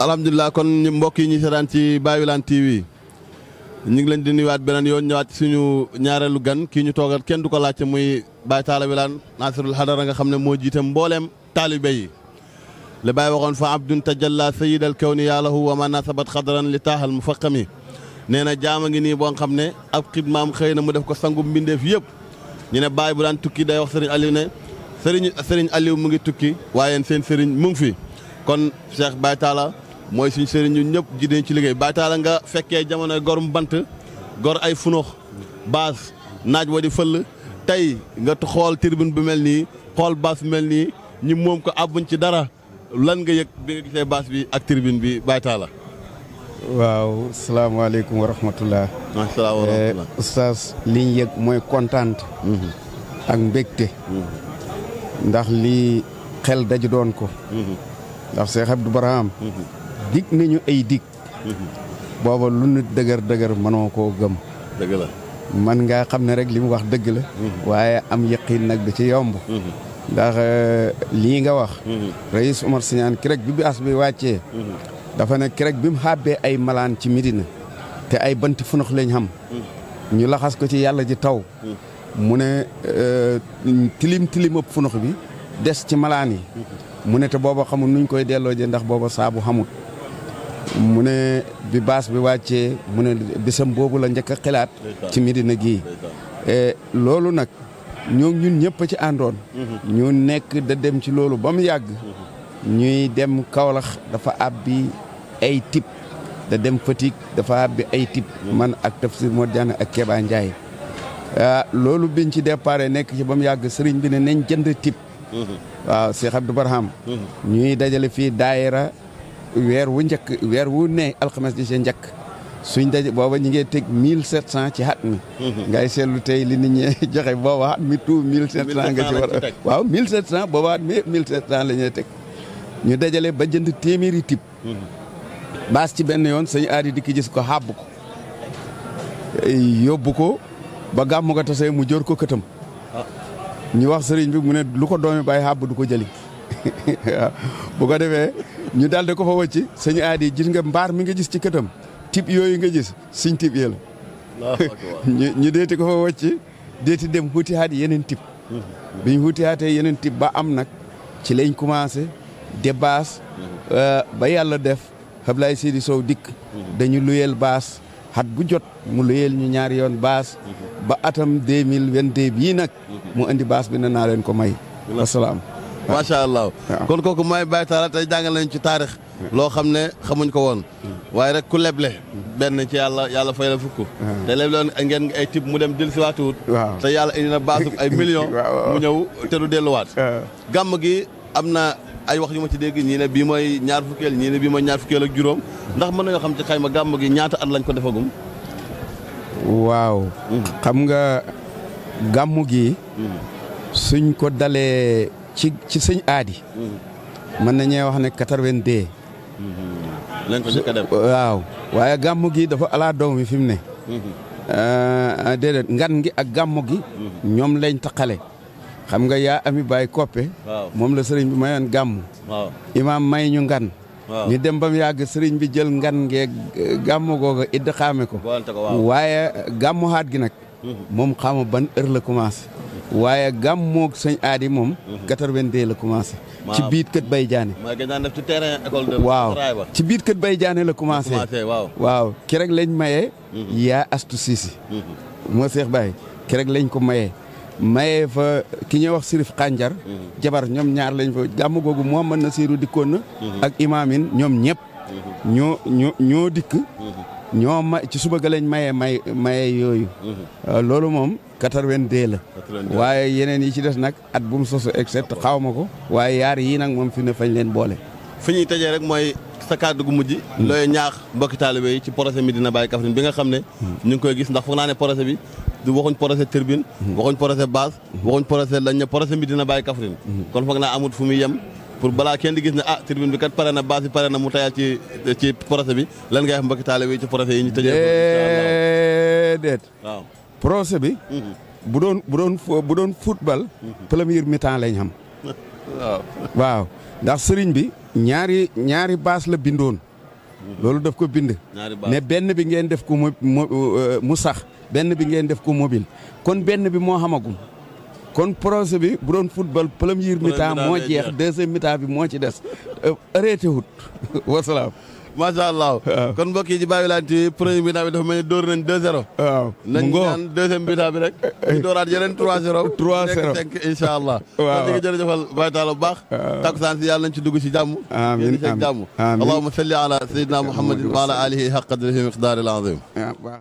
alhamdulilah kon mbokk yi ñu seetaan ci Baye Willane TV ñu ngi leen di nuyuwaat beneen yoon ñëwaat suñu ñaareelu gan kii ñu toogal kenn du ko laajte muy Baye Talla Willane Nasirul Hadara nga xam ne moo jiite mbooleem taalibe yi li baay waxoon fa ab abdun tajalla sayidal kawni yaalahu wa ma nasabat xadaran li taaxal mu faqami nee na jaama ngi nii boo xam ne ab xidmaam xëy na mu def ko sangu mbindeef yëpp ñu ne Baye bu daan tukki day wax Serigne Aliou ne Serigne Serigne Aliou mu ngi tukki waaye seen Serigne mu ngi kon Cheikh mooy si sëriñ ñun ñëpp ji ci liggéey Baye Talla nga fekkee jamono gorum bant gor ay funux baas naaj wa di fëll tey nga xool tribune bi mel nii xool baas bi mel nii ñi moom ko àbbuñ ci dara lan nga yëg bi nga gisee baas bi ak tribune bi Baye Talla. waaw salaamaaleykum wa rahmatullah. macha allah eh, yëg mooy kontaan. Mhm. ak mbégte. Mhm. ndax lii xel daju doon ko. Mhm. ndax Cheikh Abdou Barham dig nañu ay dig mhm. booba lu nit dëgër dëgër mënoo koo gëm dëgg la man ngaa xam ne rek li mu wax dëgg la mhm. waaye am yëqiin nag bi ci yomb mhm. ndax euh, lii nga wax Rais Oumar Sagnane CREC bi bi bi wàccee dafa ne CREC bi mu xàbbee ay malaan ci Medina te ay banti funox lañ xam ñu laxas ko ci yàlla ji taw mu ne euh, tilim tilim ëpp funox bi des ci malaan yi mu ne te booba xamul nuñ koy delloo je ndax booba saabu xamut mu ne bi baas bi wàccee mu ne bisam boobu la njëkk a xalaat ci Medina gii e, loolu nag ñoom ñun ñëpp a ci àndoon mhm. ñu nekk da dem ci loolu ba mu yàgg mhm. ñuy dem kawlax dafa àbbi ay tip da dem Fatick dafa abbi ay tip mhm. man ak Tafsir Modou Diagne ak Keba Ndiaye e, loolu biñ ci départ nekk ci ba mu yàgg sëriñ bi ne nañ jënd tip waaw Cheikh Abdou Barham ñuy dajale fii daayira weer wu njëkk weer wu ne alxames di seen njëkk suñ daje booba ñi ngee teg mille sept cent ci mi mhm. ngay seetlu tey li nit ñi joxe booba xat mi tout waaw mille sept cent booba xat mi mille sept cent teg ñu dajale ba jënd téeméeri tib mhm. baas ci benn yoon sëñ aari dikk gis ko xàbb ko yóbbu ko ba gàmmu nga tasee mu jóor ko këtam ah. ñu wax sëriñ bi mu ne lu ko doomi bàyyi xàbb du ko jëli waaw ko defee ñu daal ko fa wëcc sëñ aadi gis nga mbaar mi nga gis ci këtam tib yooyu nga gis suñ tib yi ñu deeti ko fa wëcc deeti dem xuuti haat yeneen tib mhm. biñ xuuti haatee yeneen tib ba am nag ci lañ commencé débaas mhm. euh, ba yàlla def Ablaye Sidi Sow dikk mhm. dañu luyeel baas xat bu jot mu luyel ñu ñaari yoon baas ba atam deux mille vingt bii nag mu indi baas bi ne naa leen ko may macha allah kon kooku mooy Baye Talla tey jàngal nañ ci taarix loo xam ne xamuñ ko woon mm. waaye rek ku leble benn ci yàlla yàlla fooy la fukk te leble woon ngeen ay tib mu dem jël si waatuwut te yàlla indi na baasub ay million mu ñëw te du delluwaat gàmm gi am na ay wax yu ma ci dégg ñii ne bii mooy ñaar fukkeel ñii ne bii mooy ak juróom ndax mën nañoo xam ci ma gàmm gi ñaata an lañ ko defagum waaw mm. xam nga gàmm gi mm. suñ ko dalee ci ci sëñ aadi. mën nañee wax ne quatre-vingt-deux. waaw waaye gàmm gi dafa ala doom mi fi mu ne. Mhm. Euh, déedéet ngan gi ak gàmm gi. Mhm. ñoom lañ taqale. xam nga yaa ami baay koppe. moom la sëriñ bi mayoon gàmm. imaam may ñu ngan. ñu dem ba mu yàgg sëriñ bi jël ngan ngee euh, gàmm googa idd xaame ko. waaye gàmmu xaat gi nag. Mhm. moom xamu ban heure la commencé. waaye gàmmoog sëñ aadi moom. 82 mhm. la commencé. ci biit kët bay jaane. mooy gën daan def terrain école de. waaw ci biit kët bay jaane la commencé. waaw waaw ki rek lañ maye. Mhm. yaa astu siisi. Mhm. moo seex baay ki rek lañ ko maye. maye fa ki ñuy wax sirif xànjar jabar ñoom ñaar lañ fa gàmm googu moo mën na siiru dikkoon na. ak imaamin ñoom ñëpp. ñoo ñoo ñoo dikk. ñoo ma ci suba ga leen maye may maye yooyu. Mhm. Euh, loolu moom quatre-vingt-deux la. waaye yeneen yi ci des nag at bu mu sosu except xaw ma ko. waaye yaar yii nag moom fi ne fañ leen boole. fi ñuy tëjee rek mooy sa kàddu gu mujj. Hmm. looy ñaax mbokki taalibe yi ci projet Médina Baye Kaffrine bi nga xam ne. Hmm. ñu ngi koy gis ndax foog naa ne projet bi du waxuñ projet turbine. Hmm. waxuñ projet base. waxuñ projet lañ ne projet Médina Baye Kaffrine. kon foog naa amut fu muy yem. pour balaa kenn di gis ne ah tribune bi kat pare na base bi pare na mu tayal ci ci procès bi lan ngay wax mbokki taalibe ci procès yi ñu tëjee déedéet waaw procès bi mhm. bu doon bu doon bu doon football mhm. premier mi lañ xam waaw waaw ndax sëriñ bi ñaari ñaari baas la bindoon mhm. loolu daf ko bind ne benn bi ngeen def ko euh, mu sax benn bi ngeen def ko mobile kon benn bi moo xamagum kon projet bi bu doon football premier mi-temps moo jeex deuxième mi-temps bi moo ci des arrêté wut wasalaam. macha allah kon mbokk yi ci Babilane TV premier mi-temps bi dafa mel ni dóor nañ 2-0. waaw nañ ñaan deuxième mi-temps bi rek. ñu dooraat yeneen 3-0. 3-0 nekk incha allah. waaw kon ñu ngi jërëjëfal Baye Talla bu baax. waaw takkusaan si yàlla nañ ci dugg si jàmm. amiin amiin amiin allahumma salli ala sayyidina muhammadin wa ala alihi haqqa qadrihi miqdaaril azim